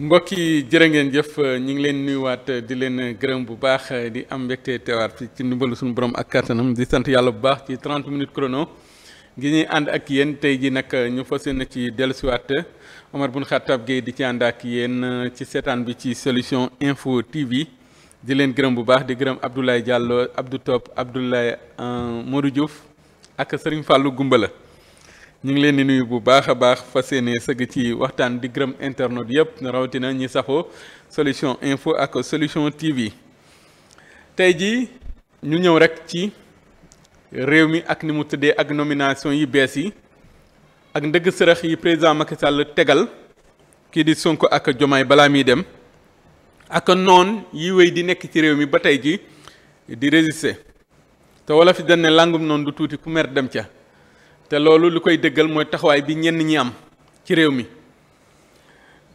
mbokk yi jërë ngeen jëf ñu ngi leen nuyuwaat di leen gërëm bu baax di am mbégte teewaat ci ndimbalu suñu borom ak kattanam di sant yàlla bu baax ci 30 minutes chrono gi ñuy ànd ak yéen tey ji nag ñu fas yéene ci dellusiwaat Omar Bun Khattab Gueye di ci ànd ak yéen ci seetaan bi ci solution info TV di leen gërëm bu baax di gërëm Abdoulaye Diallo Abdou Top Abdoulaye euh, Modou Diouf ak Serigne Fallou la ñu ngi leen di nuyu bu baax a baax fa yéene sëgg ci waxtaan di gërëm internet yëpp rawatina ñi saxoo solution info ak solution TV tey ji ñu ñëw rek ci réew mi ak ni mu tëddee ak nomination yi bees yi ak ndëgg sërëx yi président Macky Sall tegal kii di Sonko ak Jomaay balaa muy dem ak noon yi wey di nekk ci réew mi ba tey ji di résister te wala fi dañ ne langum noonu du tuuti ku mer dem ca. te loolu lu koy dëggal mooy taxawaay bi ñenn ñi am ci réew mi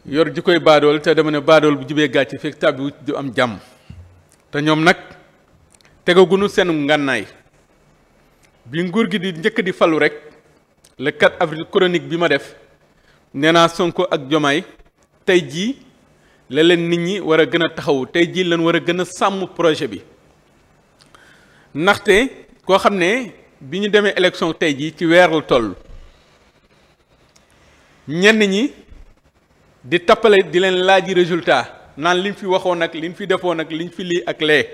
yor ji koy baadool te dama ne baadool bu jibee gàcce fekk tàbbi du am jàmm te ñoom nag tegagunu seen ngànnaay bi nguur gi di njëkk di falu rek le 4 avril chronique bi ma def nee naa sonk ak Jomaay tey jii la leen nit ñi war a gën a taxawu tey jii leen war a gën a sàmm projet bi ndaxte koo xam ne bi ñu demee élection tey jii ci weer la toll ñenn ñi di tappale di leen laaj laaji résultat naan liñ fi waxoon ak liñ fi defoon ak liñ fi lii ak lee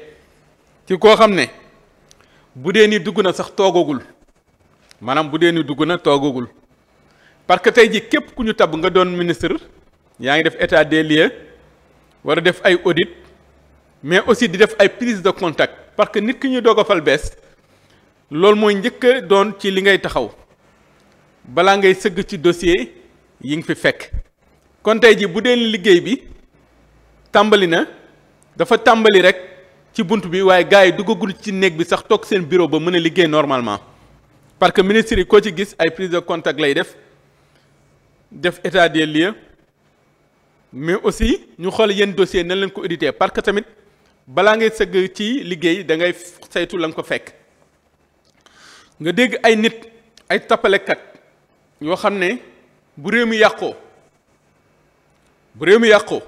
ci koo xam ne bu dee ni dugg na sax toogagul maanaam bu dee ni dugg na toogagul parce que tey jii képp ku ñu tabb nga doon ministre yaa ngi def état des lieux war a def ay audit mais aussi di def ay prise de contact parce que nit ki ñu doog bees loolu mooy njëkk a doon ci li ngay taxaw balaa ngay sëgg ci dossier yi nga fi fekk kon tey ji bu dee liggéey bi tàmbali na dafa tàmbali rek ci bunt bi waaye gars yi duggagul ci néeg bi sax toog seen bureau ba mën a liggéey normalement parce que ministre yi koo ci gis ay prise de contact lay def def état des lieux mais aussi ñu xool yenn dossier nan leen ko audité parce que tamit balaa ngay sëgg ci liggéey da ngay saytu la nga ko fekk nga dégg ay nit ay tappalekat yoo xam ne bu réew mi yàqoo bu réew mi yàqoo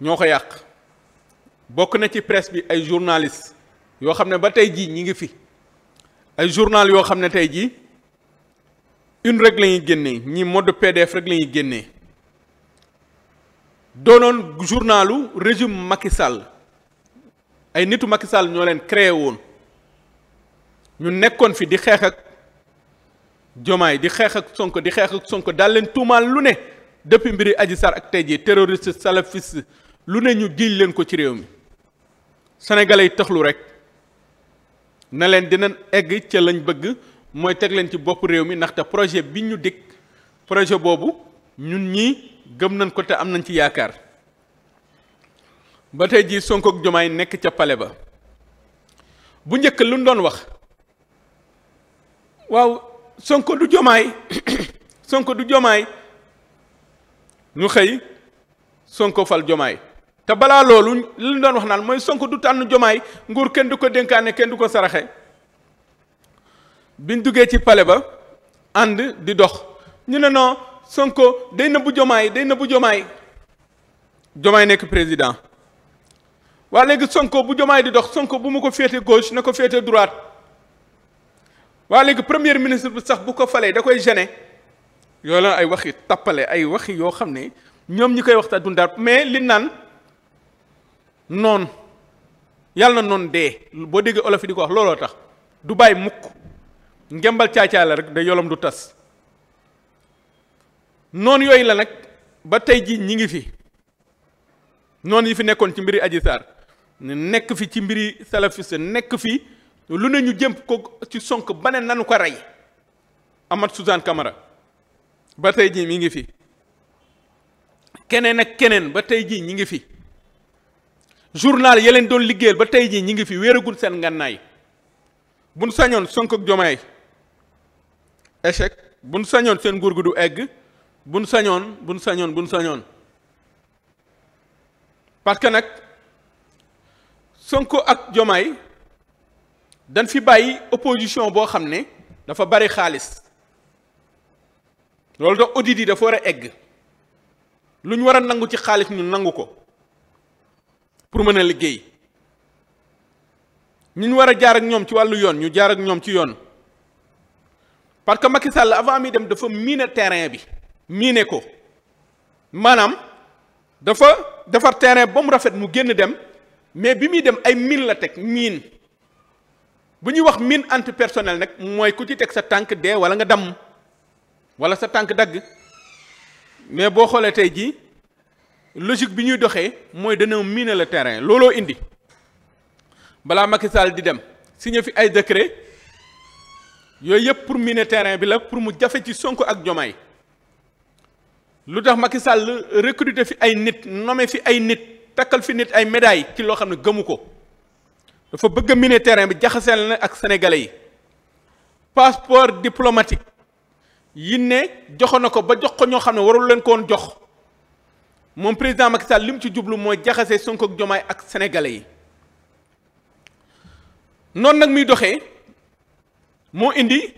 ñoo ko yàq bokk na ci presse bi ay journaliste yoo xam ne ba tey jii ñi ngi fi ay journal yoo xam ne tey jii une rek lañuy ñuy génnee ñi mode PDF rek la ñuy génnee doonoon journalu régime Macky Sall ay nitu Macky Sall ñoo leen créer woon ñu nekkoon fi di xeex ak Jomaay di xeex ak Sonko di xeex ak Sonko daal leen tuumaal lu ne depuis mbiri Adji Sarr ak tey jii terroriste salafiste lu ne ñu jiiñ leen ko ci réew mi sénégalais yi taxlu rek na leen dinañ egg ca lañ bëgg mooy teg leen ci bopp réew mi ndaxte projet bi ñu dikk projet boobu ñun ñii gëm nañ ko te am nañ ci yaakaar ba tey jii Sonko ak Jomaay nekk ca pale ba bu njëkk lu ñu doon wax waaw Sonko du jomaay Sonko du jomaay ñu xëy Sonko fal jomaay te balaa loolu li ñu doon wax naan mooy Sonko du tànn jomaay nguur kenn du ko denkaane kenn du ko saraxe biñ duggee ci pale ba ànd di dox ñu ne non Sonko day nëbbu jomaay day nëbbu jomaay jomaay nekk président waa léegi Sonko bu jomaay di dox Sonko bu ma ko féete gauche na ko féete droite. waa léegi premier ministre bi sax bu ko falee da koy gene yoo la ay waxi tappale ay waxi yoo xam ne ñoom ñi koy wax waxta dundar mais li naan noon yàlla na noon dee boo déggee olof yi di ko wax looloo tax du bàyyi mukk ngembal caacaa la rek da yolom du tas noonu yooyu la nag ba tey ji ñi ngi fi noon yi fi nekkoon ci mbiri Adji Sarr nekk fi ci mbiri salafiste nekk fi lu ne ñu jëm ko ci Sonko ba ne nanu ko rey Amath Suzanne kamara ba tey jii mi ngi fi keneen ak keneen ba tey jii ñi ngi fi journal ya leen doon liggéeyal ba tey jii ñi ngi fi wéeragul seen ngànnaay buñ sañoon Sonko ak Jomaay échec buñ sañoon seen nguur gu du egg buñ sañoon buñ sañoon buñ sañoon parce que nag sonk ak Jomaay dañ fi bàyyi opposition boo xam ne dafa bari xaalis loolu tax audit yi dafa war a egg lu ñu war a nangu ci xaalis ñu nangu ko pour mën a liggéey ñu ñu war a jaar ak ñoom ci wàllu yoon ñu jaar ak ñoom ci yoon parce que Macky Sall avant mi dem dafa miine terrain bi miine ko maanaam dafa defar terrain ba mu rafet mu génn dem mais bi muy dem ay mine la teg mine bu ñuy wax mine personnel nag mooy ku ci teg sa tànk dee wala nga damm wala sa tànk dagg mais boo xoolee tey jii logique bi ñuy doxee mooy dana miine le terrain looloo indi balaa Macky Sall di dem signé fi ay décret yooyu yëpp pour miner terrain bi la pour mu jafe ci sonk ak Diomaye lu tax Macky Sall recruter fi ay nit nommer fi ay nit takkal fi nit ay médailles ci loo xam ne gëmu ko. dafa bëgg a miner terrain bi jaxaseel na ak sénégalais yi passeport diplomatique yi ne joxoon na ko ba jox ko ñoo xam ne warul leen ko jox moom président Macky Sall li mu ci jublu mooy jaxase Sonko ak Jomaay ak sénégalais yi noonu nag muy doxee moo indi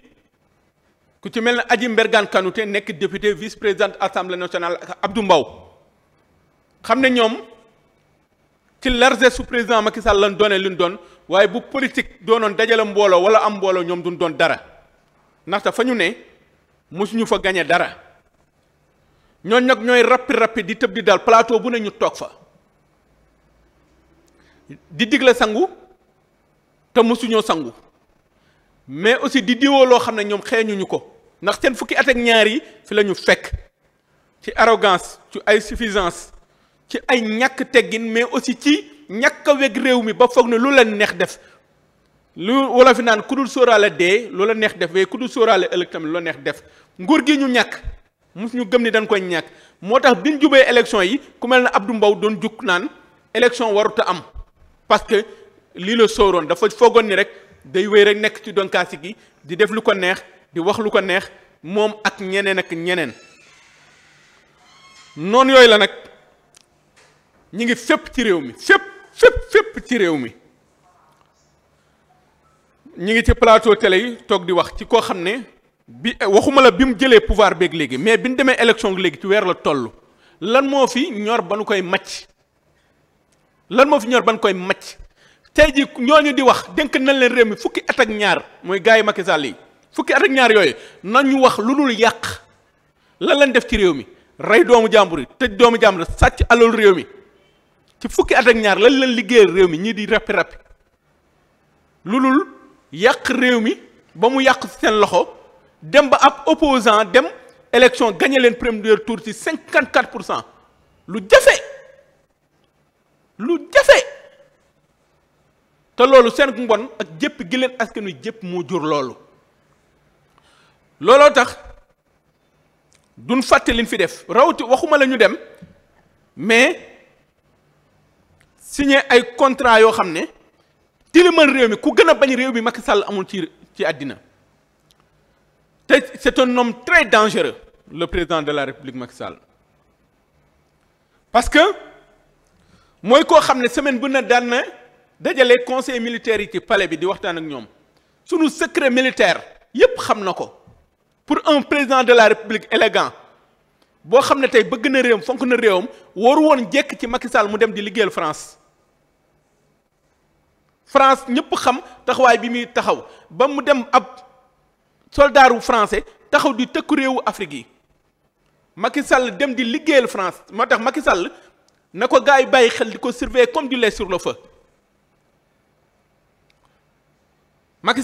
ku ci mel ne Aji Mbergane Kanouté nekk député vice présidente assemblée nationale ak Abdou Mbow xam ne ñoom. ci largesse su président Macky Sall lan doonee doon waaye bu politique doonoon dajale mbooloo wala am mbooloo ñoom duñ doon dara ndaxte fa ñu ne mosuñu fa gañe dara ñooñ nag ñooy rappi rappi di tëb di dal plateau bu ne ñu toog fa di digle sangu te mësuñoo sangu mais aussi di diwoo loo xam ne ñoom xeeñuñu ko ndax seen fukki at ñaar yi fi lañu ñu fekk ci arrogance ci ay suffisance ci ay ñàkk teggin mais aussi ci ñàkk a weg réew mi ba foog ne lu leen neex def lu wolof fi naan ku dul sóoraale dee lu la neex def waaye ku dul sóoraale ëllëg lu la neex def nguur gi ñu ñàkk mus ñu gëm ni dañ koy ñàkk moo tax bi jubee élection yi ku mel ne Abdou Mbow doon jukk naan élection warut am parce que lii la sóoroon dafa foogoon ni rek day wéy rek nekk ci donkaasi gi di def lu ko neex di wax lu ko neex moom ak ñeneen ak ñeneen noonu yooyu la nag. ñi ngi fépp ci réew mi fépp fépp ci réew mi ñi ngi ci plateau tele yi toog di wax ci koo xam ne bi waxuma la bi mu jëlee pouvoir beeg léegi mais bi ñu demee élection léegi ci weer la toll lan moo fi ñor ba nu koy màcc lan moo fi ñor ba nu koy màcc tey ji ñu di wax dénk nañ leen réew mi fukki at ak ñaar mooy gars yi Macky Sall yi fukki at ak ñaar yooyu ñu wax lu dul yàq lan lañ def ci réew mi rey doomu jàmbur yi tëj doomu jàmbur sàcc alal réew mi ci fukki at ak ñaar lan lan liggéeyal réew mi ñii di rappi rappi lu lul yàq réew mi ba mu yàq seen loxo dem ba ab opposant dem élection gagné leen premier tour ci cinquante quatre pour cent lu jafe lu jafe te loolu seen mbon ak jëpp gi leen askan wi jëpp mu jur loolu looloo tax duñ fàtte liñ fi def rawati waxuma la ñu dem mais signé ay contrat yoo xam ne tilimal réew mi ku gën a bañ réew bi Macky Sall amul ci ci àddina te c'est un homme très dangereux le président de la République Macky Sall parce que mooy koo xam ne semaine bu ne daan na dajale conseil militaire yi ci pale bi di waxtaan ak ñoom sunu secret militaire yépp xam na ko pour un président de la République élégant boo xam ne tey bëgg na réewam fonk na réewam waru woon jekk ci Macky Sall mu dem di liggéeyal France France ñëpp xam taxawaay bi muy taxaw ba mu dem ab soldaaru français taxaw di tëkku réewu Afrique yi Macky Sall dem di liggéeyal France moo tax Macky Sall na ko gars yi bàyyi xel di ko surveiller comme di lait sur le feu Macky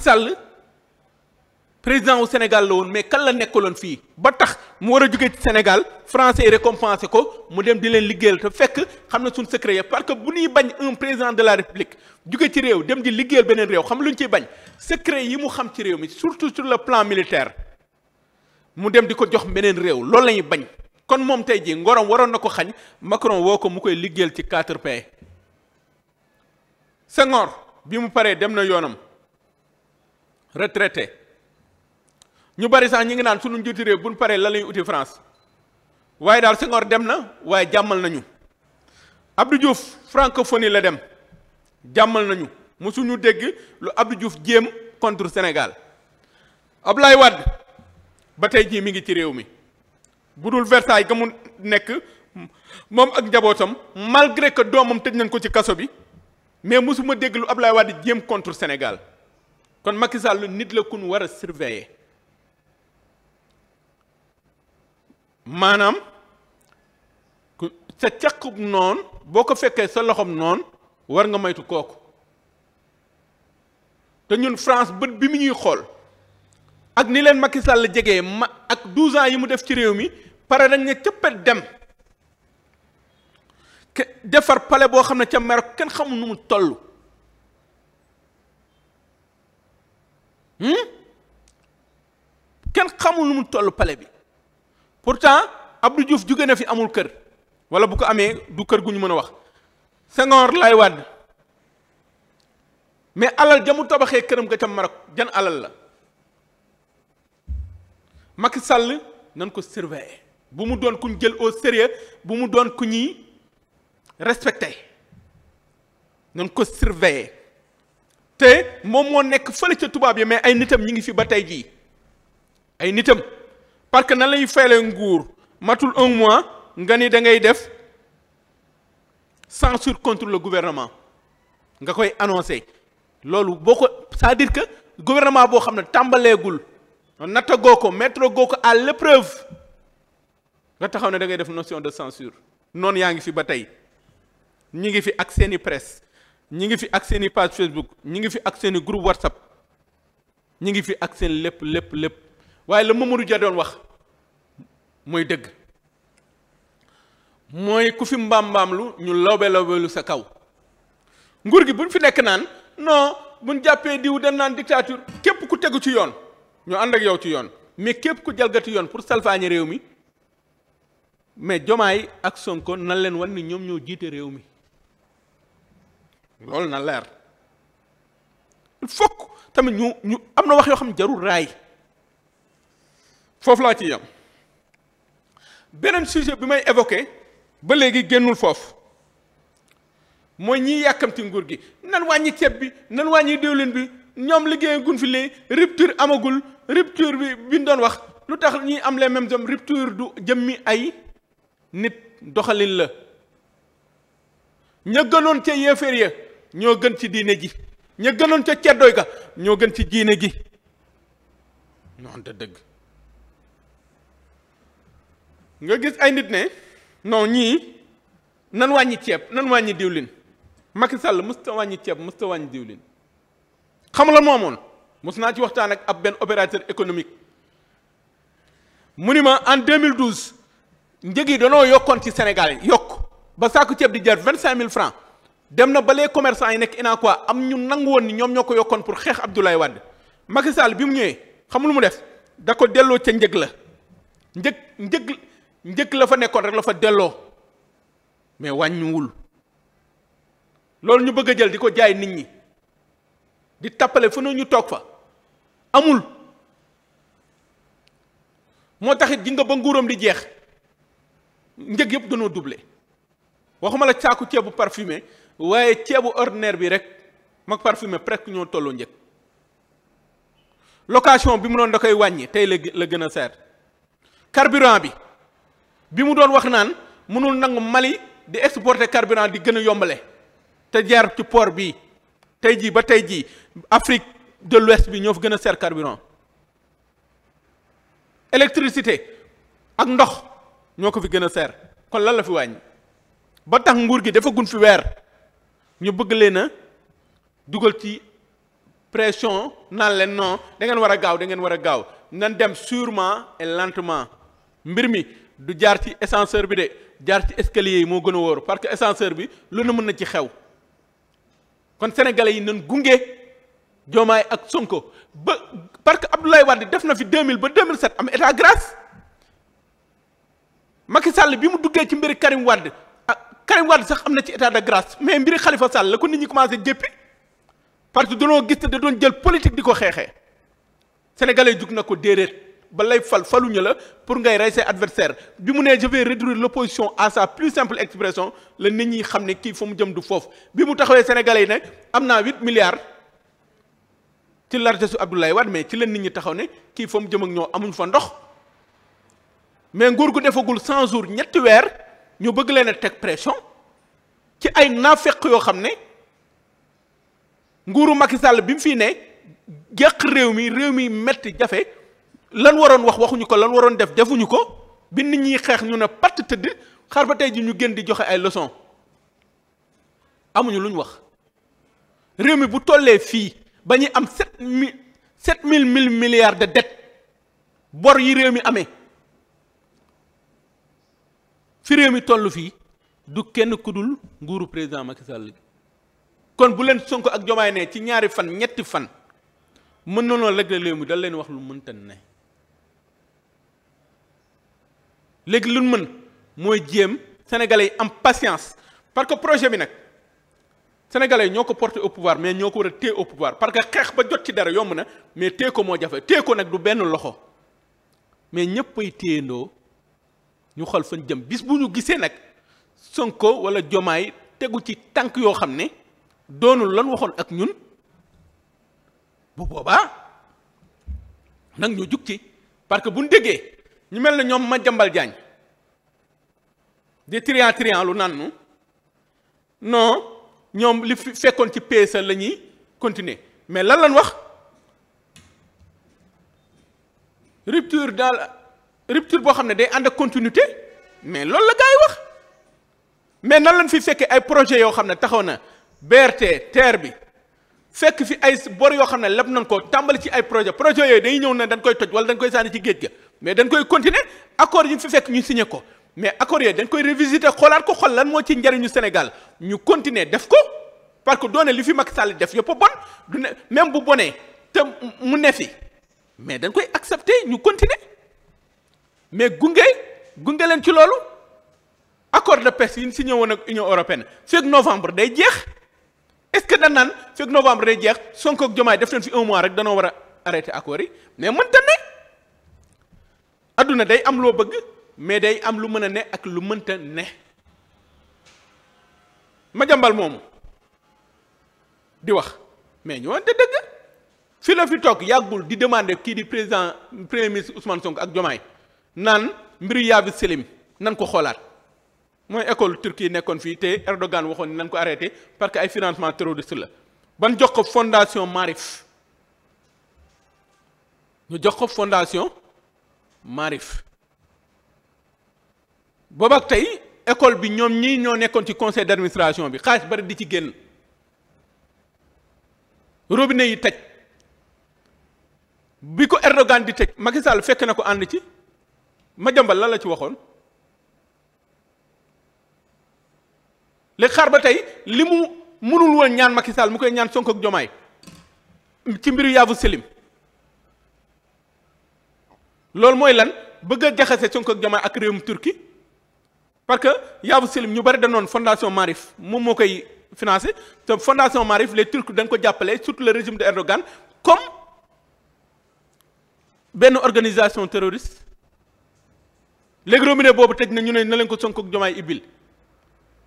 président wu Sénégal la woon mais kan la nekkaloon fii ba tax mu war a jógee ci Sénégal français yi récompensé ko mu dem di leen liggéeyal te fekk xam na suñ secret ya parce que bu ñuy bañ un président de la république jóge ci réew dem di liggéeyal beneen réew xam lu ñu ciy bañ secret yi mu xam ci réew mi surtout sur le plan militaire mu dem di ko jox beneen réew loolu lañuy bañ kon moom tey jii ngorom waroon na ko xañ Macron woo ko mu koy liggéeyal ci 4P Senghor bi mu paree dem na yoonam retraité. ñu bari sax ñu ngi naan sunu njiitu réew bu ñu paree la uti France waaye daal Senghor dem na waaye jàmmal nañu Abdou Diouf francophonie la dem jàmmal nañu mosuñu dégg lu Abdou Diouf jéem contre Sénégal lay Wade ba tey jii mi ngi ci réew mi bu dul Versailles ga nekk moom ak njabootam malgré que doomam tëj nañ ko ci kaso bi mais mosuma dégg lu Ablaye Wade jéem contre Sénégal kon Macky Sall nit la kun war a surveiller maanaam sa caqub noon boo ko fekkee sa loxom noon war nga moytu kooku te ñun France bët bi mu ñuy xool ak ni leen Macky Sall jege ma ak 12 ans yi mu def ci réew mi pare dañ ne cëppet dem defar palais boo xam ne ca Maroc kenn xamul nu mu toll hmm? kenn xamul nu mu toll palais bi pourtant Abdou Diouf jóge na fi amul kër wala bu ko amee du kër gu ñu mën a wax Senghor lay wàdd mais alal jamu tabaxee këram ga ca Maroc jan alal la Macky sàll nan ko surveiller bu mu doon kuñ jël au sérieux bu mu doon ku ñuy respecté nan ko surveiller te moom moo nekk fële ca tubaab yi mais ay nitam ñi ngi fi ba tey jii ay nitam parce que nan lañuy fayalee nguur matul un mois nga ni da ngay def censure contre le gouvernement nga koy annoncé loolu boo ko c'est-à-dire que gouvernement boo xam ne tàmbaleegul natta goo ko mettre goo ko à l'épreuve nga taxaw ne da ngay def notion de censure noonu yaa ngi fi ba tey ñi ngi fi ak seeni presse ñi ngi fi ak seeni page Facebook ñi ngi fi ak seeni groupe WhatsApp ñi ngi fi ak lépp lépp lépp waaye la Mamadou Dia doon wax mooy dëgg mooy ku fi mbaam mbaam lu ñu lawbe lawbelu sa kaw nguur gi buñ fi nekk naan non buñ jàppee diw dañ naan dictature képp ku tegu ci yoon ñu ànd ak yow ci yoon mais képp ku jalgati yoon pour salfaañe réew mi mais jomaay ak sonko nan leen wan ni ñoom ñoo jiite réew mi loolu na leer fokk tamit ñu ñu am na wax yoo xam jarul raay foofu laa ci yam beneen sujet bi may évoqué ba léegi génnul foofu mooy ñiy yàkkamti nguur gi nan wàññi ceeb bi nan wàññi diwlin bi ñoom liggéey gun fi amagul rupture bi bi ñu doon wax lu tax ñi am les mêmes hommes rupture du jëmmi ay nit doxalin la ña gënoon ca yéeféer ya ñoo gën ci diine ji ña gënoon ca ceddooy ga ñoo gën ci diine gi noonu da dëgg nga gis ay nit ne non ñii nan wàññi ceeb nan wàññi diwlin Macky Sall musta wàññi ceeb musta wàññi diwlin xam la moomoon mos naa ci waxtaan ak ab benn opérateur économique mu ni ma en 2012 njëg yi danoo yokkoon ci Sénégal yokk ba saaku ceeb di jar vingt cinq mille francs dem na ba les commerçants yi nekk inaakuoi am ñu nangu woon ni ñoom ñoo ko yokkoon pour xeex Abdoulaye Wade Macky Sall bi mu ñëwee xamul lu mu def da ko delloo ca njëg la njëg njëg njëkk la fa nekkoon rek la fa delloo mais wàññiwul loolu ñu bëgg a jël di ko jaay nit ñi di tappale fu ne ñu toog fa amul moo taxit ji nga ba nguuram di jeex njëg yëpp dañoo doublé waxuma la caaku ceebu parfumé waaye ceebu ordinaire bi rek mag parfumé presque ñoo tolloo njëg location bi mu doon da koy wàññi tey la la gën a seer carburant bi bi mu doon wax naan mënul nangu Mali di exporté carburant di gën a yombale te jaar ci port bi tey jii ba tey jii Afrique de l'Ouest bi ñoo fa gën a seer carburant électricité ak ndox ñoo ko fi gën a seer kon lan la fi wàññi ba tax nguur gi dafa gun fi weer ñu bëgg leen a dugal ci pression naan leen non da ngeen war a gaaw da ngeen war a gaaw nan dem sûrement et lentement mbir mi du jaar ci essenceur bi de jaar ci escalier yi moo gën a woor parce que ascenseur bi lu na mën na ci xew kon sénégalais yi nan gunge Diomaye ak Sonko ba parce que Abdoulaye Wade def na fi 2000 ba 2007 am état grâce Macky Sall bi mu duggee ci mbiri Karim Wade ah Karim Wade sax am na ci état de grâce mais mbiri xalifa Sall la ko nit ñi commencé jéppi parce que dañoo gis te da doon jël politique di ko xeexee sénégalais jug na ko déedéet. ba lay fal faluñu la pour ngay rey say adversaire bi mu nee je vais réduire l'opposition à sa plus simple expression la nit ñi xam ne kii fa mu jëm du foofu bi mu taxawee sénégalais yi ne am naa huit milliards ci largesse su Abdoulaye Wade mais ci la nit ñi taxaw ne kii fa mu jëm ak ñoo amuñ fa ndox mais nguur gu defagul cent jours ñetti weer ñu bëgg leen a teg pression ci ay naafeq yoo xam ne nguuru Macky sàll bi mu fii ne yàq réew mi réew mi metti jafe lan waroon wax waxuñu ko lan waroon def defuñu ko bi nit ñi xeex ñu ne patt tëdd xar ba tey ji ñu gën di joxe ay leçon amuñu lu ñu wax réew mi bu tollee fii ba ñuy am sept mille sept mille mille milliards de dette bor yi réew mi amee fi réew mi toll fii du kenn kudul nguuru président Macky Sall kon bu leen Sonko ak Jomaay ne ci ñaari fan ñetti fan mën na noo lëg réew mi dal leen wax lu mënta ne léegi lu mën mooy jéem sénégalais yi am patience parce que projet bi nag sénégalais yi ñoo ko porté au pouvoir mais ñoo ko war a téye au pouvoir parce que xeex ba jot ci dara yomb na mais téye ko moo jafe téye ko nag du benn loxo mais ñëpp ay téyandoo ñu xol fan jëm bis bu ñu gisee nag Sonko wala Jomaay tegu ci tànk yoo xam ne doonul lan waxoon ak ñun bu boobaa nag ñu jug ci parce que bu ñu déggee ñu mel na ñoom Madiambal Diagne di trian trian lu naan nu non ñoom li fekkoon ci PSE la ñuy continuer mais lan lañ wax rupture daal rupture boo xam ne day ànd ak continuité mais loolu la gars yi wax mais nan lañ fi fekkee ay projet yoo xam ne taxaw na BRT TER bi fekk fi ay bor yoo xam ne leb nañ ko tàmbali ci ay projet projet yooyu dañuy ñëw ne dañ koy toj wala dañ koy sànni ci géej ga mais dañ koy continuer accord yi fi fekk ñu signé ko mais accord yooyu dañ koy révisiter xoolaat ko xool lan moo ci njariñu Sénégal ñu continuer def ko parce que doone li fi mag Sall def yëpp a bon du même bu bonee te mu ne fi mais dañ koy accepté ñu continuer mais gunge gunge leen ci loolu accord de pêche yi si signé woon ak Union européenne fekk novembre day jeex est-ce que dañ naan fekk novembre day jeex Sonko ak Diomaye def leen fi un mois rek danoo war a arrêter accord mais mënta ne. adduna day am loo bëgg mais day am lu mën a ne ak lu mënta ne ma jàmbal moomu di wax mais ñu wante dëgg fi la fi toog yàggul di demander kii di président premier ministre Ousmane Sonko ak Diomaye naan mbiru yaabi selim nan ko xoolaat mooy école Turquie nekkoon fii te Erdogan waxoon ni nan ko arrêté parce que ay financement terroriste la ban jox ko fondation Maarif ñu jox ko fondation Maarif boobu tey ecole bi ñoom ñii ñoo nekkoon ci conseil d'administration bi xaalis bari di ci génn robinet yi tëj bi ko Erdogan di tëj Macky Sall fekk na ko ànd ci ma jambal lan la ci waxoon léegi xaar ba tey li mu mënul woon ñaan Macky Sall mu koy ñaan Sonko ak Jomaay ci mbiru Yavuz Selim loolu mooy lan bëgg a jaxase sonk ak Diomaye ak réewum Turquie parce que Yavuz Selim ñu bari danoon fondation Maarif moom moo koy financé te fondation Maarif les Turcs dañ ko jàppale surtout le régime de Erdogan comme benn organisation terroriste léegi robinet boobu tëj na ñu ne na leen ko Sonko ak Diomaye ibil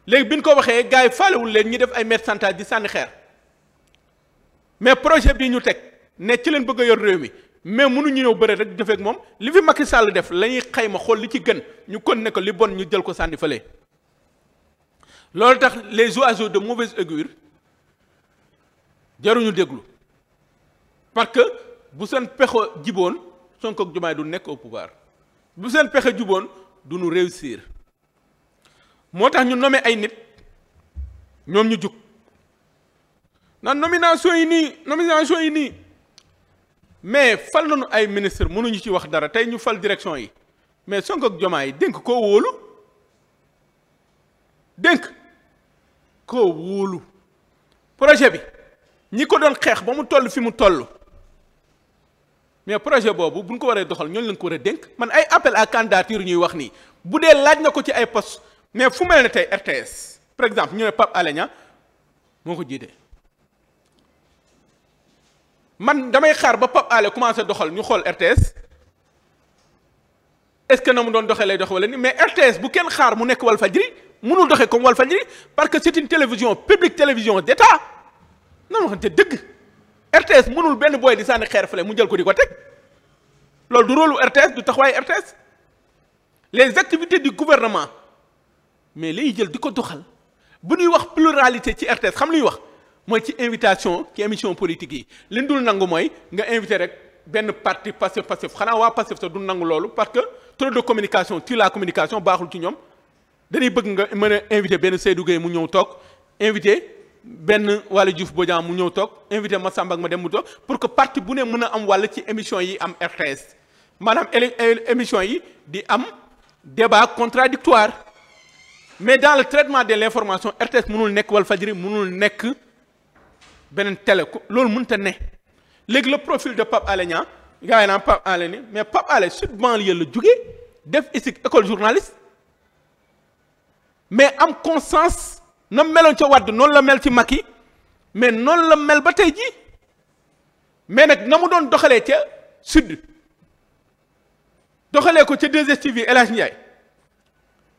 léegi bi ñu ko waxee gars yi faalewul leen ñu def ay mercentage di sànni xeer mais projet bii ñu teg ne ci leen bëgg a yor réew mi mais mënuñu ñëw bëre rek jëfeek moom li fi Macky Sall def lañuy xayma xool li ci gën ñu kon ne ko li bon ñu jël ko sànni fële. loolu tax les oiseaux de mauvaise augure jaruñu déglu parce que bu seen pexe jiboon sonk ak Diomaye du nekk au pouvoir bu seen pexe juboon du nu réussir moo tax ñu nome ay nit ñoom ñu jug naan nomination yi nii nomination yi nii. mais fal nañu ay ministre mënuñu ci wax dara tey ñu fal direction yi mais Sonko ak jomaa yi dénk koo wóolu dénk koo wóolu projet bi ñi ko doon xeex ba mu toll fi mu toll mais projet boobu bu ñu ko waree doxal ñooñu lañ ko war a dénk man ay appel à candidature ñuy wax nii bu dee laaj na ko ci ay post mais fu mel na tey RTS par exemple ñoo ne Pape Alé moo ko jiite man damay xaar ba Pape ale commencé doxal ñu xool RTS est-ce que na mu doon doxee lay dox wala ni mais RTS bu kenn xaar mu nekk Walfadjri mënul doxee comme Walfadjri parce que c'est une télévision publique télévision d'État nan te dëgg RTS mënul benn booy di sànni xeer fële mu jël ko di ko teg loolu du rôle RTS du taxawaay RTS les activités di gouvernement mais lay jël di ko doxal bu nuy wax pluralité ci RTS xam luy wax. mooy ci invitation ci émission politique yi liñ dul nangu mooy nga invité rek benn parti passif passif xanaa waa passif sax du nangu loolu parce que trop de communication ci la communication baaxul ci ñoom dañuy bëgg nga mën a invité benn Seydou Gueye mu ñëw toog invité benn Waly Diouf Bodian mu ñëw toog invité Massamba ak ma dem mu toog pour que parti bu ne mën a am wàll ci émission yi am RTS maanaam émission yi di am débat contradictoire mais dans le traitement de l'information RTS mënul nekk Walfadjri mënul nekk beneen tele ko loolu mënta ne léegi le profil de Pape Alé Niang gars yi naan Pape Alé ni mais Pape Alé sud banlieue la jóge def ISIC école journaliste mais am conscience na meloon ca Wàdd noonu la mel ci mag yi mais noonu la mel ba tey jii mais nag na mu doon doxalee ca sud doxalee ko ca 2STV El Hadj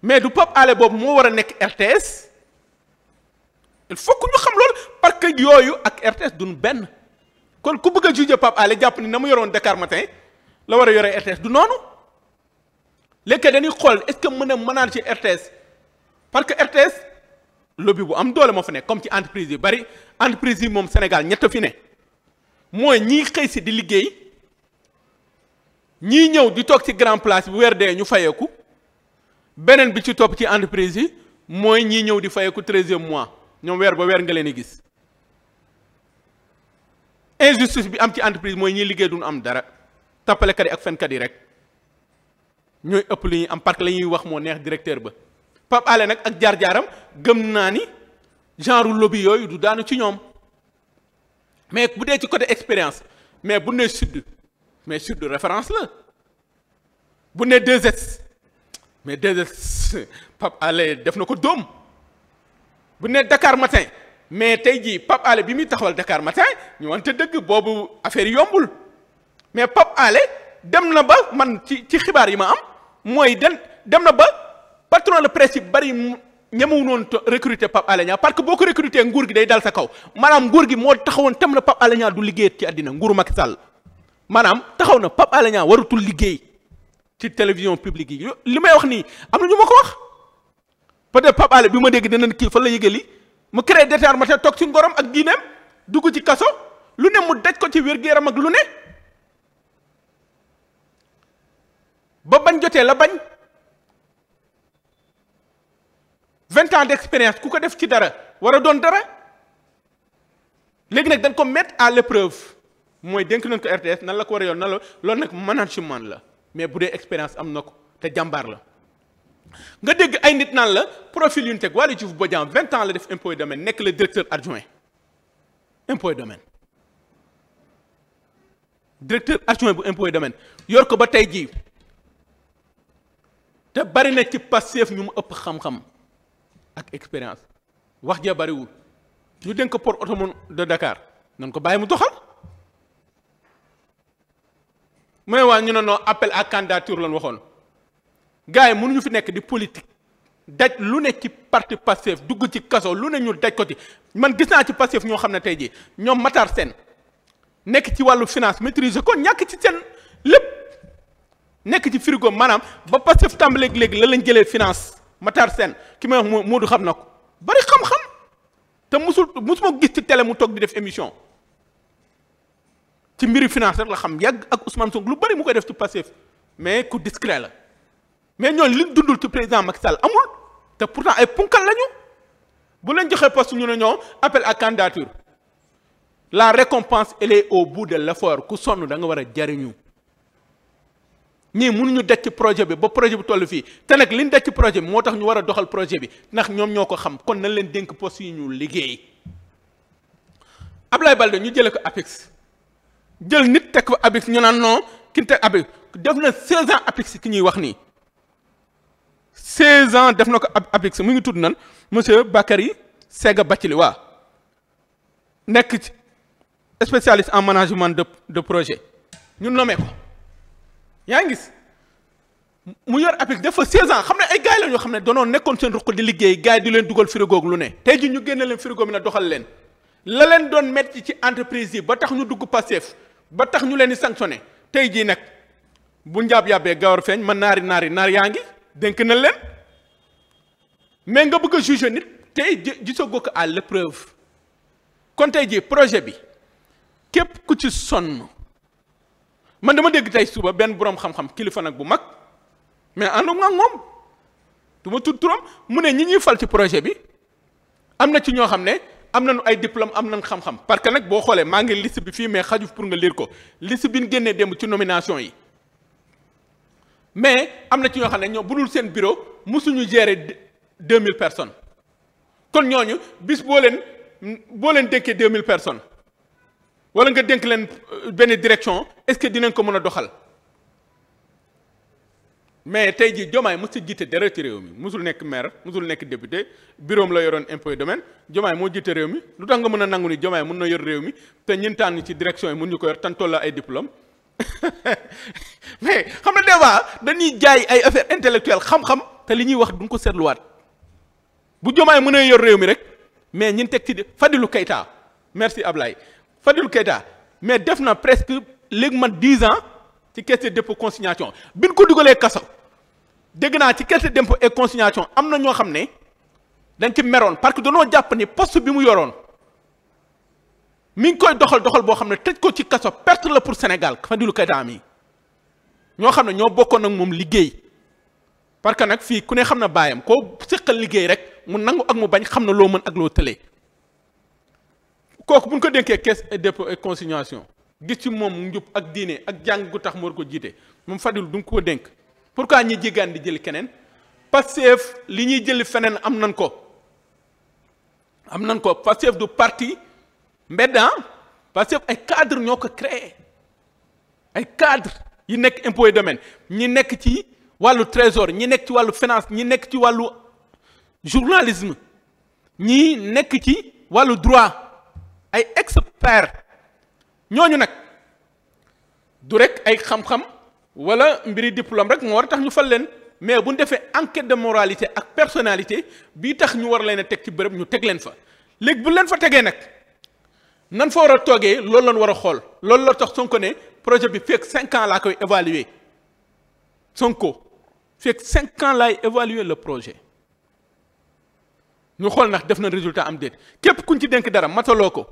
mais du Pape Alé boobu moo war a nekk RTS il faut xam loolu takk yooyu ak RTS duñ benn kon ku bëgg a juge Pape Alé jàpp ni na mu yoroon Dakar Matin la war a yore RTS du noonu léegi dañuy xool est-ce que mën a mënaan ci RTS parce que RTS lobby bu am doole moo fa nekk comme ci entreprise yu bari entreprise yi moom Sénégal ñett fi ne mooy ñiy xëy si di liggéey ñii ñëw di toog ci grand place bu weer dee ñu fayeeku beneen bi ci topp ci entreprise yi mooy ñii ñëw di fayeeku treizième mois ñoom weer ba weer nga leen di gis injustice bi am ci entreprise mooy ñiy liggéey duñu am dara tappalekat yi ak fenkat yi rek ñooy ëpp lu ñuy am parce que la ñuy wax moo neex directeur ba Pape Alé nag ak jaar-jaaram gëm naa ni genre lobby yooyu du daanu ci ñoom mais bu dee ci côté expérience mais bu ne sud mais sud référence la bu ne 2S mais 2S Pape Alé def na ko doom bu ne Dakar matin mais tey jii Pape ale bi muy taxawal Dakar Matin ñu wante dëgg boobu affaire yombul mais Pape Alé dem na ba man ci ci xibaar yi ma am mooy den dem na ba patron de presse yi bari ñemewu noonu recruter Pape Alé Niang parce que boo ko recruter nguur gi day dal sa kaw maanaam nguur gi moo taxawoon tam na Pape Alé Niang du liggéey ci àddina nguuru Macky Sall maanaam taxaw na Pape Alé Niang waratul liggéey ci télévision publique yi li may wax nii am na ñu ma ko wax peut-être bi ma dégg dinañ kii fan la yëgal lii mu créé détermination toog ci ngorom ak diineem dugg ci kaso lu ne mu daj ko ci wér-gu-yaram ak lu ne ba bañ jotee la bañ vingt ans d'expérience ku ko def ci dara war a doon dara léegi nag dañ ko mettre à l'épreuve mooy dénk nañ ko RTS nan la ko war a yoon nan la loolu nag management la mais bu dee expérience am na ko te jàmbaar la nga dégg ay nit naan la profil yu ñu teg Waly Diouf vingt ans la def impôt et domaine nekk le directeur adjoint impôt et domaine directeur adjoint bu impôt et domaine yor ko ba tey jii te bari na ci Pastef ñu mu ëpp xam-xam ak expérience wax ja bariwul ñu dénk ko port autonome de Dakar nan ko bàyyi mu doxal mu ne waa ñu ne noo appel à candidature lañ waxoon gars yi ñu fi nekk di politique daj lu ne ci parti Pastef dugg ci kaso lu ne ñu daj ko ci man gis naa ci Pastef ñoo xam ne tey jii ñoom Matar Sène nekk ci wàllu finance maîtriser ko ñàkk ci seen lépp nekk ci frigo maanaam ba Pastef tàmbaleeg léegi la lañ jëlee finance Matar Sène ki may wax moo Moodu xam na ko bari xam-xam te musul musuma gis ci tele mu toog di def émission ci mbiri finance rek la xam yàgg ak Ousmane Sonko lu bari mu koy def ci Pastef mais ku discret la. mais ñooñu liñ dundul ci président Macky Sall amul te pourtant ay punkal lañu bu leen joxee poste ñu ne ñoo appel à candidature la récompense elle est au bout de l'effort ku sonn da nga war a jariñu ñii mënuñu daj ci projet bi ba projet bu toll fii te nag liñ daj ci projet bi moo tax ñu war a doxal projet bi ndax ñoom ñoo ko xam kon nañ leen dénk poste yi ñu liggéey Ablaye Balde ñu jëlee ko APEX jël nit teg ko APEX ñu naan non ki teg APEX def na 16 ans APEX ki ñuy wax nii. 16 ans def na ko ab APEX mu ngi tudd nan yi Bakary Sega Bathily waa nekk ci spécialiste en management de de projet ñu nommé ko yaa ngi gis mu yor APEX def fa 16 ans xam ne ay gars la xam ne danoo nekkoon seen ruq di liggéey gars di leen dugal frigo lu ne. tey ji ñu génne leen frigo bi na doxal leen la leen doon metti ci entreprise yi ba tax ñu dugg Pastef ba tax ñu leen di sanctionné tey jii nag bu njaab yàbbee gawar feeñ man naari naari naar yaa ngi. dénk na leen mais nga bëgg a juger nit tey sa ko à l'épreuve kon tey jii projet bi képp ku ci sonn man dama dégg tey suba benn boroom xam-xam kilifa nag bu mag mais àndoon nga moom du ma tudd turam mu ne ñi ñuy fal ci projet bi am na ci ñoo xam ne am nañu ay diplôme am nañu xam-xam parce que nag boo xoolee maa ngi liste bi fii mais xaju pour nga lire ko liste bi ñu génnee démb ci nomination yi. mais am na ci ñoo xam ne ñoo dul seen bureau musuñu gérer deux mille personnes kon ñooñu bis boo leen boo leen dénkee deux mille personnes wala nga dénk leen euh, benn direction est-ce que dinañ ko mën a doxal mais tey jii Diomaye mos ci jiite dara ci réew mi musul nekk maire musul nekk député bureau la yoroon impôt et domaine Diomaye moo jiite réew mi lu tax nga mën a nangu ni Diomaye mën na yor réew mi te ñun ci direction yi mën ñu ko yor tan toll ay diplôme mais xam na des fois dañuy jaay ay affaire intellectuelle xam-xam te li ñuy wax duñ ko seetluwaat bu jomaay mën a yor réew mi rek mais ñin teg ci Fadilou Keita merci Ablaye Fadilou Keita mais def na presque léegi man dix ans ci caisse de dépôt consignation bi ñu ko dugalee kaso dégg naa ci caisse de dépôt et consignation am na ñoo xam ne dañ ci meroon parce que danoo jàpp ni post bi mu yoroon mi ngi koy doxal doxal boo xam ne tëj ko ci kaso perte la pour Sénégal Fadilou Keita mi ñoo xam ne ñoo bokkoon ak moom liggéey parce que nag fii ku ne xam na baayam koo séqal liggéey rek mu nangu ak mu bañ xam na loo mën ak loo tëlee kooku bu ñu ko dénkee kes et dépôt et consignation gis ci moom njub ak diine ak jàng gu tax mu war ko jiite moom Fadilou du nga ko dénk pourquoi ñi jéggaan di jëli keneen Pastef li ñuy jëli feneen am nan ko am nan ko Pastef du part mbedd ah parce que ay cadre ñoo ko créer ay cadre yi nekk impôt et domaine ñi nekk ci wàllu trésor ñi nekk ci wàllu finance ñi nekk ci wàllu journalisme ñi nekk ci wàllu droit ay expert ñooñu nag du rek ay xam-xam wala mbiri diplôme rek moo war tax ñu fal leen mais bu ñu defee enquête de moralité ak personnalité bii tax ñu war leen a teg ci bërëb ñu teg leen fa léegi bu leen fa tegee nag nan fa war a toogee loolu loon war a xool loolu la tax Sonko ne projet bi fekk cinq ans laa koy évaluer Sonko fekk cinq ans laay évaluer le projet ñu xool nax def na résultat am déet képp kuñ ci denk dara mataloo ko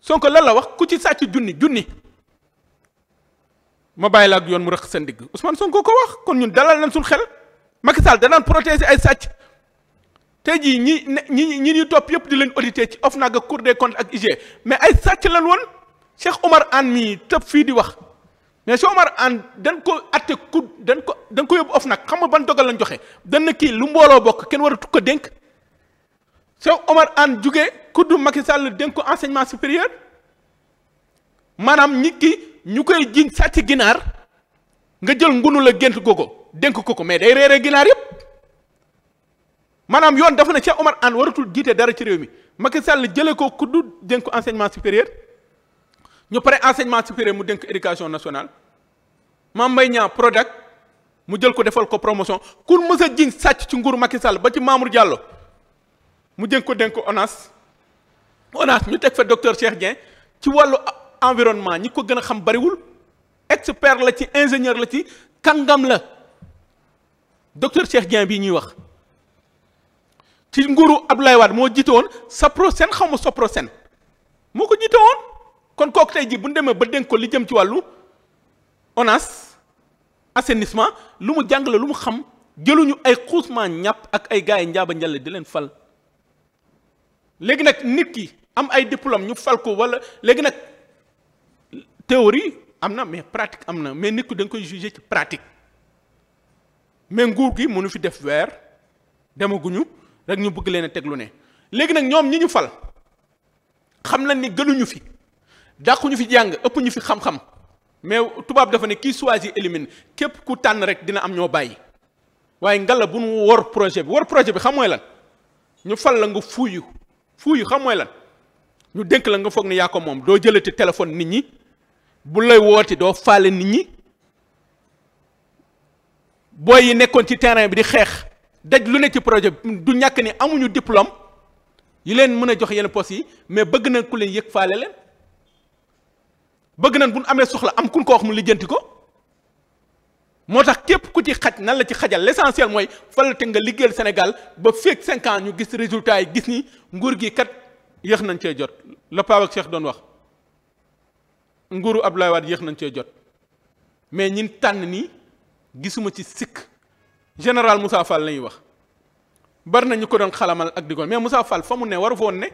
Sonko lan la wax ku ci sàcc junni junni ma bàyyi la ak yoon mu rëq sa ndigg Ousmane Sonko ko wax kon ñun dalal nañ suñ xel Macky Sall danaan protéger ay sàcc tey jii ñi ñi ñi ñu topp yëpp di leen audité ci OFNAC ak Cour des comptes ak IG mais ay sàcc lan woon Cheikh Omar Anne mii tëb fii di wax mais Cheikh Omar Anne dañ ko atte ku dañ ko dañ ko yóbbu OFNAC xam nga ban dogal lañ joxe dañ kii lu mbooloo bokk kenn waratu ko dénk Cheikh Omar Anne jugee kuddu Macky Sall dénk ko enseignement supérieur maanaam nit ki ñu koy jiñ sàcc ginaar nga jël ngunu la gént ko ko dénk ko ko mais day reeree ginaar yëpp. maanaam yoon dafa ne Cheikh Omar Anne waratul jiite dara ci réew mi Macky Sall jëlee ko ku du dénk enseignement supérieur ñu pare enseignement supérieur mu dénk éducation nationale Mame Mbaye Niang Prodac mu jël ko defal ko promotion ku mës a jiñ sàcc ci nguur Macky Sall ba ci Mamour Diallo mu dénk ko dénk ko ONAS ONAS ñu teg fa docteur Cheikh Dieng ci wàllu environnement ñi ko gën a xam bariwul expert la ci ingénieur la ci kàngam la docteur Cheikh Dieng bii ñuy wax. ci nguuru Abdoulaye Wade moo jiite woon sa Saprosen xaw ma Soprosen moo ko jiite woon kon kooku tey jii bu ñu demee ba dénk ko li jëm ci wàllu ONAS assainissement lu mu jàng la lu mu xam jëluñu ay xuusement ñàpp ak ay gars yi njaaba njalle di leen fal léegi nag nit ki am ay diplôme ñu fal ko wala léegi nag théorie am na mais pratique am na mais nit ku da koy jugé ci pratique mais nguur gi mënu fi def weer demaguñu. rek ñu bëgg leen a teg ne léegi nag ñoom ñi ñu fal xam na ni gënuñu fi dàquñu fi jàng ëpp ñu fi xam-xam mais tubaab dafa ne kii choisir élimine képp ku tànn rek dina am ñoo bàyyi waaye ngalla bu nu wor projet bi wor projet bi xam mooy lan ñu fal la nga fuuyu fuuyu xam mooy lan ñu dénk la nga foog ne yaa ko moom doo jëlati téléphone nit ñi bu lay wooti doo faale nit ñi booy yi nekkoon ci terrain bi di xeex daj lu ne ci projet du ñàkk ni amuñu diplôme yi leen mën a jox yenn poste yi mais bëgg nañ ku leen yëg faale leen bëgg nañ bu ñu amee soxla am kun ko wax mu lijjanti ko moo tax képp ku ci xaj nan la ci xajal l'essentiel mooy fal te nga liggéeyal Sénégal ba feeg cinquante ñu gis résultat yi gis ni nguur gi kat yéex nañ cee jot la Pape ak Cheikh doon wax nguuru Abdoulaye Wade yéex nañ cee jot mais ñin tànn nii gisuma ci sikk général Moussa Fall lañuy wax bari na ñu ko doon xalamal ak di ko mais Moussa Fall fa mu ne waru foon ne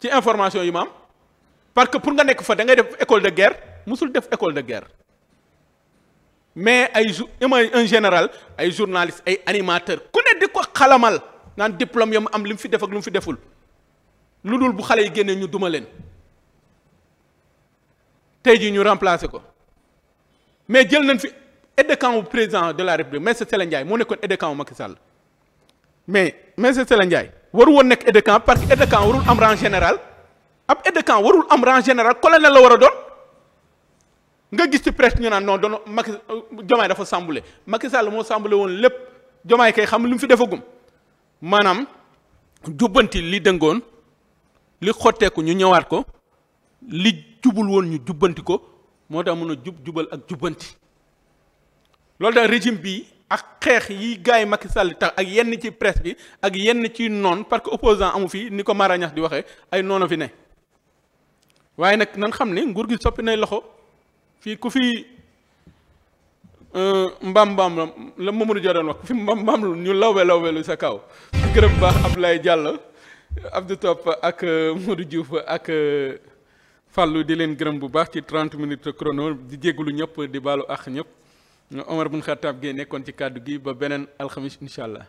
ci information yi maam am parce que pour nga nekk fa da ngay def école de guerre musul def école de guerre mais ay ju un général ay journaliste ay animateur ku ne di ko xalamal naan diplôme yam am li mu fi def ak lu mu fi deful lu dul bu xale yi génne ñu duma leen tey jii ñu remplacer ko mais jël nañ fi. aide de camp wu président de la république maître Sélé Ndiaye moo nekkoon aide de camp wu Macky mais maître Sélé Ndiaye waru woon nekk aide camp parce que aide de camp warul am rang général ab aide camp warul am rang général colonel la war a doon nga gis ci presse ñu naan non doon Macky euh, Diomaye dafa sambule Macky Sall moo sambule woon lépp jomaay kay xam lu mu fi defagum maanaam jubbanti li dëngoon li xotteeku ñu ñëwaat ko li jubul woon ñu jubbanti moo tax mun a jub jubal ak jubbanti loolu daal régime bi ak xeex yi gars yi Macky Sall tax ak yenn ci presse bi ak yenn ci noon parce que opposant amu fii ni ko Mara ñax di waxee ay noonu fi ne waaye nag nan xam ni nguur gi soppi nay loxo fii ku fi euh, mbaam mbaam la la Mamadou Dia doon wax ku fi mbaam mbaam lu ñu lawbe lawbe lu sa kaw gërëm baax Abdoulaye Diallo Abdou Top ak euh, Modou Diouf ak euh, Fallou di leen gërëm bu baax ci 30 minutes chrono di jégalu ñëpp di baalu ak ñëpp Omar bun Xattaab Gueye nekkoon ci kàddu gi ba beneen alxamis incha allah.